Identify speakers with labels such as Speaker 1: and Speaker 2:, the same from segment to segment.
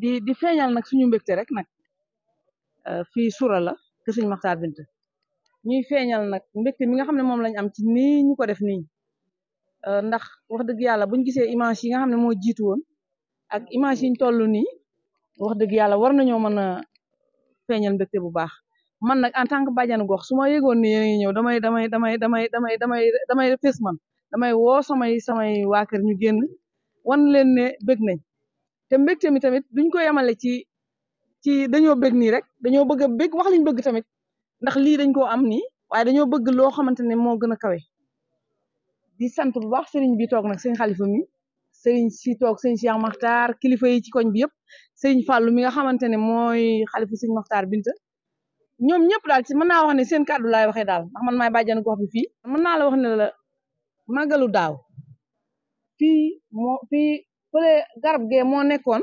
Speaker 1: di di feeñal nag suñu mbégte rek nag euh, fii sura la kër sëñ Maxtaar ñuy feeñal nag mbégte mi nga xam ne moom lañ am ci nii ñu ko def nii euh, ndax wax dëgg yàlla buñ gisee image yi nga xam ne moo jiitu woon ak yi ñu toll nii wax dëgg yàlla war nañoo mën a feeñal mbégte bu baax man nag en tant que bàjjanu gox su ma yëgoon ni ñëw damay damay damay damay damay damay damay fes man damay woo samay samay waa kër ñu génn wan leen ne bég nañ te mbégte mi tamit duñ ko yemale ci ci dañoo bég nii rek dañoo bëgg a bég wax liñ bëgg tamit ndax lii dañ koo am nii waaye dañoo bëgg loo xamante ne moo gën a kawe di sant bu baax sëriñ bi toog nag sëñ xalifa mi sëriñ si toog sëñ Cheikh Makhtar kilifa yi ci koñ bi yëpp sëriñ Fallou mi nga xamante ne mooy xalifa sëñ Makhtar Binta ñoom ñëpp daal ci mën naa wax ne seen kàddu laay waxee daal ndax man maay bàjjan gox bi fii mën naa la wax ne la màggalu daaw fii moo fii fële garab gee moo nekkoon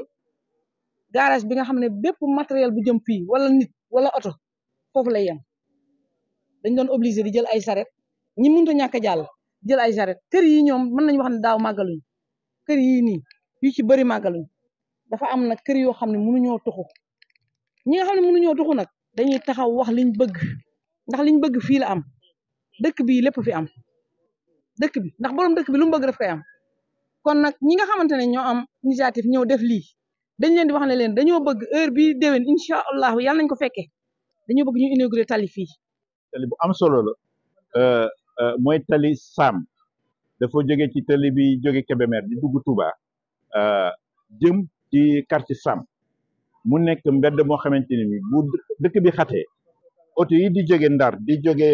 Speaker 1: garage bi nga xam ne bépp matériel bu jëm fii wala nit wala oto foofu lay yem dañ doon obligé di jël ay saret ñi mënut a ñàkk a jàll jël ay saret kër yi ñoom mën nañu wax ne daaw màggaluñ kër yi nii yu ci bëri màggaluñ dafa am na kër yoo xam ne mënuñoo tuxu ñi nga xam ne mënuñoo tuxu nag dañuy taxaw wax liñ bëgg ndax liñ bëgg fii la am dëkk bi lépp fi am dëkk bi ndax borom dëkk bi lu mu bëgg daf am kon nag ñi nga xamante ne ñoo am initiative ñëw def lii dañ leen di wax ne leen dañoo bëgg heure bii déwén incha allahu yàlla nañ ko fekkee dañoo bëgg ñu inauguré tali fii.
Speaker 2: tali bu am solo la euh, euh, mooy tali Sam dafa jóge ci tali bi jóge Kébémer di dugg Touba euh, jëm ci quartier Sam mu nekk mbedd moo xamante ni bu dëkk bi xatee oto yi di jege Ndar di jóge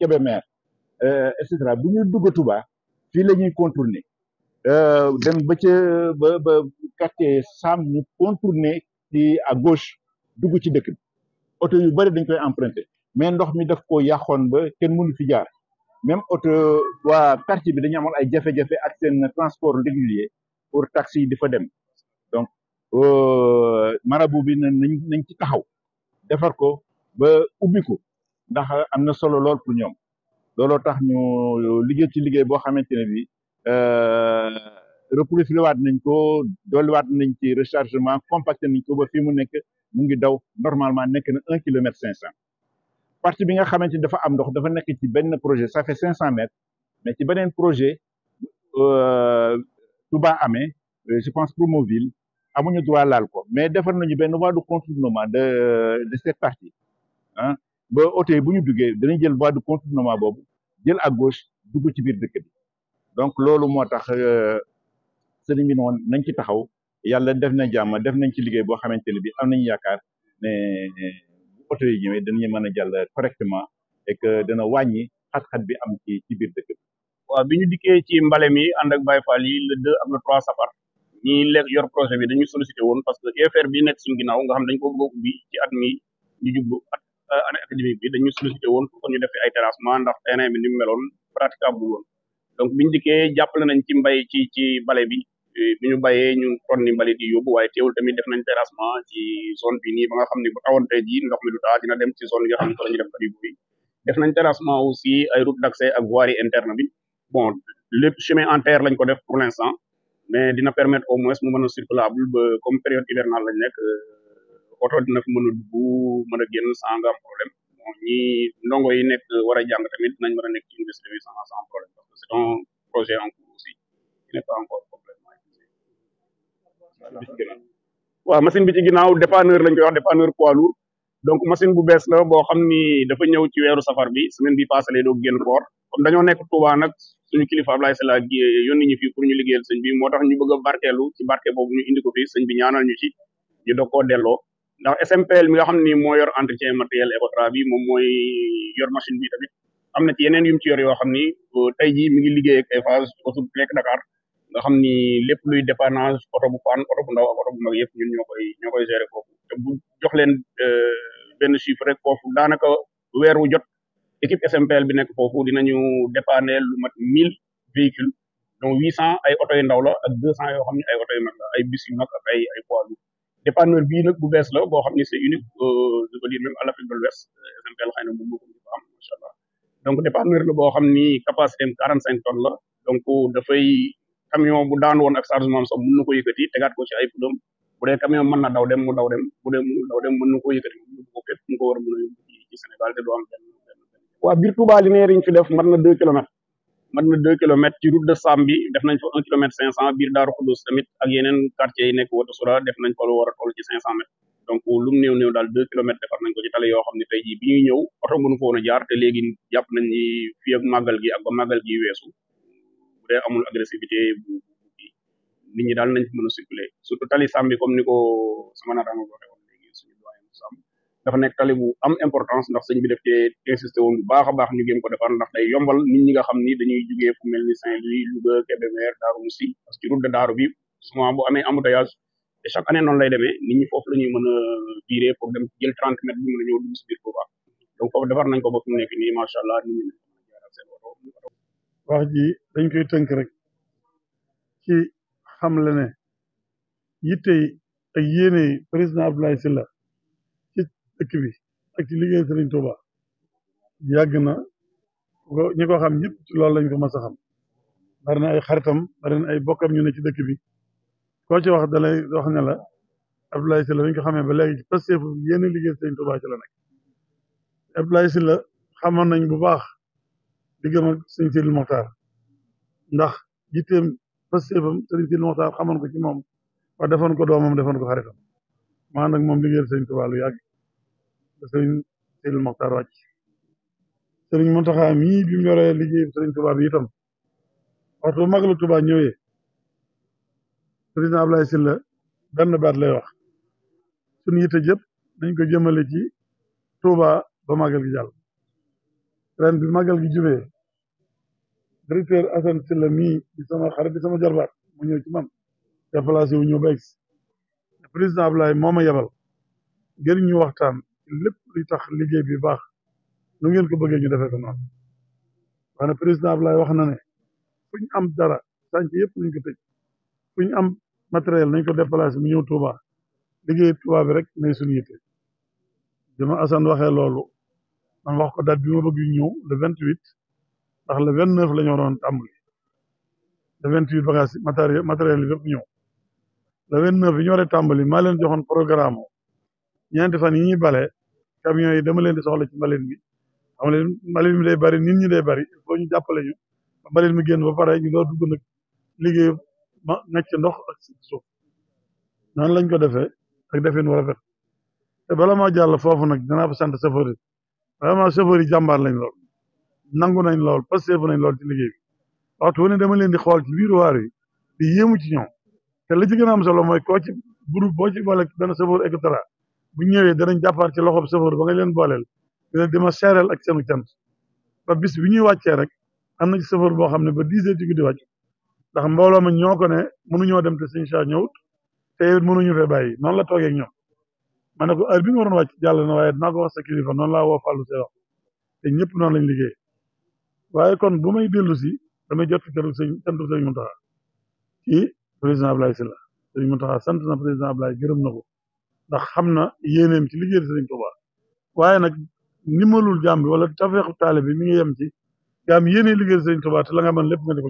Speaker 2: Kébémer et cetera bu ñuy dugg Touba fii la ñuy contourner euh, dem ba ca ba ba Sam ñu contourner ci à gauche dugg ci dëkk bi yu bëri dañ koy emprunter mais ndox mi def ko yàqoon ba kenn mënu fi jaar même auto waa quartier bi dañu amoon ay jafe-jafe ak seen transport régulier pour taxi yi di fa dem donc euh, marabu bi nañ nañ ci taxaw defar ko ba ubbi ko ndax am na solo lool pour ñoom. looloo tax ñu liggéey ci liggéey boo xamante ne bi euh, reprofilé waat nañ ko dolliwaat nañ ci rechargement compacté nañ ko ba fii mu nekk mu ngi daw normalement nekk na un kilomètre cinq cent partie bi nga xamante ni dafa am ndox dafa nekk ci benn projet ça fait cinq cent mètres mais ci beneen projet euh, Touba amee euh, je pense Promoville amuñu droit laal ko mais defar nañu benn voie de contournement de de cette partie ba oto yi bu ñu duggee danañ jël voie de contournement boobu jël à gauche dugg ci biir dëkk bi donc loolu moo tax euh, sëriñ bi noonu nañ ci taxaw yàlla def na jàmm def nañ ci liggéey boo xamante ne bi am nañu yaakaar ne euh, bu oto yi ñëwee mën a jàll correctement et dana wàññi xat-xat bi am ci ci biir
Speaker 3: dëkk bi. waaw bi ñu dikkee ci mbale mi ànd ak Baye yi le deux am na trois safar ñi lekk yor projet bi dañu sollicité woon parce que UFR bi nekk suñu ginnaaw nga xam dañ ko bëgg ubbi ci at mi ñu Euh, année académique bi dañu sollicité woon pour ñu def ay terrassement ndax terrain bi ni mu meloon praticable woon donc biñu dikkee jàppale nañ ci mbay ci ci bale bi bi ñu bayee ñu kon ni mbalit di yóbbu waaye teewul tamit def nañ terrassement ci zone bi nii ba nga xam ne bu tawante ji ndox mi du taa dina dem ci zone bi nga xam ne lañu def kadi def nañ terrassement aussi ay route d'accès ak voirie interne bi bon lépp chemin en terre lañ ko def pour l'instant mais dina permettre au moins mu mën a circulable ba comme période hivernale nekk euh, oto dina fi mën a dugg mën a génn sans nga am yi nekk war a jàng tamit nañ mën nekk ci université bi sans sans problème parce que c'est un machine bi ci ginnaaw dépanneur lañ koy wax dépanneur poids donc machine bu bees la boo xam ni dafa ñëw ci weeru safar bi semaine bi passé lay doog génn port comme dañoo nekk Touba nag suñu kilifa Ablaye la eh, yónni ñu fii pour ñu liggéeyal sëñ bi moo tax ñu bëgg a barkeelu ci barke boobu ñu indi ko fii sëñ bi ñaanal ñu ci ñu doog koo delloo ndax SMPL mi nga xam ni moo yor entretien matériel Ecotra bi moom mooy yor machine bi tamit am na ci yeneen yu mu ci yor yoo xam ni euh, tey jii mi ngi liggéey ak Eiffage Autoroute nekk Dakar nga xam ni lépp luy dépannage oto bu paan oto bu ndaw ak oto bu mag yëpp ñun ñoo koy ñoo koy gérer foofu te bu jox leen euh, benn chiffre rek foofu daanaka weer wu jot équipe SMPL bi nekk foofu dinañu dépanner lu mat mille véhicules donc huit cent ay oto yu ndaw la ak deux cent yoo xam ne ay oto yu ay bus yu mag ak ay ay poids dépanneur bii nag bu bees la boo xam ne c'est unique euh, je veux dire même à l'Afrique de l'Ouest SMPL euh, xëy na moom moo ko ñu ko am la boo xam ni capacité am cinq tonnes la donc dafay camion bu daan woon ak chargement am sax mën na ko yëkkati tegaat ko ci ay poudam bu dee camion mën na daw dem mu daw dem bu dee mënul daw dem na ko yëkkati mu yóbbu ko fépp mu ko war a mën a yóbbu ci Sénégal te du am benn biir Touba li fi def mën na deux kilomètres mat na deux kilomètres ci route de Sam bi def nañ fa un cinq cent biir Daaru Xudus tamit ak yeneen quartiers nekk Wata Sura def nañ fa lu a toll ci cinq cent mètres donc lu mu néew daal deux kilomètres defar nañ ko ci tali yoo xam ne tey jii bi ñuy ñëw oto mënu ko woon a jaar te léegi jàpp nañ ni fii ak màggal gi ak ba màggal gi weesu bu dee amul agressivité bu nit ñi daal nañ ko mën a circuler surtout tali Sam bi comme ni ko sama naataango dafa nekk tali bu am importance ndax sëñ bi def cee insisté woon bu baax a baax ñu gëm ko defar ndax day yombal nit ñi nga xam ni dañuy jugee fu mel ni Saint-Louis Louga Kébémer Darou Moussi parce que route de Darou bi souvent bu amee embouteillage te chaque année noonu lay demee nit ñi foofu la ñuy a viré pour dem jël 30 mètres bi mën a ñëw dugg si biir Touba donc foofu defar nañ ko ba fu mu nekk ni macha allah
Speaker 4: wax ji dañ koy tënk rek ci xamle ne yitte ak yéene président Abdoulaye Sylla dëkk bi ak ci liggéey Serigne Touba yàgg na ñi ko xam ñëpp ci lañ ko mas a xam bari ay xaritam bari ay bokkam ñu ne ci dëkk bi ko ci wax dalay wax ne la Abdoulaye Sylla lañ ko xamee ba léegi ci pasteefu yenn liggéey Serigne Touba ci la nekk xamoon nañ bu baax diggam ak Serigne Sidi Mokhtar ndax jitteem pasteefam Serigne Sidi Mokhtar xamoon ko ci moom wax defoon ko doomam defoon ko xaritam maa nag moom liggéey Serigne Touba lu yàgg sëriñ Seydil Moxtaar wàcc sëriñ Muntaxa mii bi mu yoree liggéey sëriñ Tuubaa bi itam waxtu magalu Tuubaa ñëwee président Ablaye Sylla benn baat lay wax suñu yitte jëpp dañ ko jëmmale ci Tuubaa ba magal gi jàll ren bi magal gi jubee directeur Assane Sylla mii di sama xarit bi sama jarbaat mu ñëw ci man déplacé wu ñëw ba egsi président Ablaye moo ma waxtaan lépp li tax liggéey bi baax nu ngeen ko bëggee ñu defee ko noonu waaye président Ablaye wax na ne fu ñu am dara sànc yëpp nañ ko tëj fu ñu am matériel nañ ko déplacé mu ñëw Touba liggéey Touba bi rek nay suñu yitte dama Assane waxee loolu man wax ko date bi ma bëgg ñëw le vingt huit ndax le vingt neuf la ñu waroon tàmbali le vingt huit bagage matériel matériel bi yëpp ñëw le vingt neuf yi ñu war tàmbali maa leen joxoon programme ñeenti fan yi ñuy bale camions yi dama leen di soxla ci mbalit mi xam nga mbalit mi day bari nit ñi day bari il faut ñu jàppale ñu mbalit mi génn ba pare ñu doon na nag liggéey ma necc ndox ak suuf noonu lañ ko defee ak defin war a fet te bala maa jàll foofu nag danaa fa sant chauffeur yi vraiment chauffeur yi jàmbaar lañ lool nangu nañ lool passeefu nañ lool ci liggéey bi waxtu wu dama leen di xool ci biir waar yi di yéemu ci ñoom te la ci solo mooy koo ci groupe boo ci boole benn bu ñëwee danañ jàppaat ci loxob safar ba nga leen booleel di ma seereel ak seenu cant ba bis bi ñuy wàccee rek am na ci safar boo xam ne ba dix heures ci guddi wàcc ndax mbooloo ma ñoo ko ne mënuñoo dem te sëñ Saa ñëwut te mënuñu fee bàyyi noonu la toogee ak ñoom ma ne ko heure bi nga waroon wàcc jàll na waaye dinaa ko wax sa kilifa noonu laa woo fàllu see wax te ñëpp noonu lañ liggéey waaye kon bu may dellu si damay jot ci kër sëñ sant sëñ Muntaxa ci président Ablaye Sylla sëñ Muntaxa sant na président Ablaye gërëm na ko ndax xam na yéeneem ci liggéey Sëriñ Tuuba waaye nag nimalul jaam bi wala tafeexu taale bi mi ngi yem ci jaam yéene liggéey Sëriñ Tuuba te la nga mën lépp nga di ko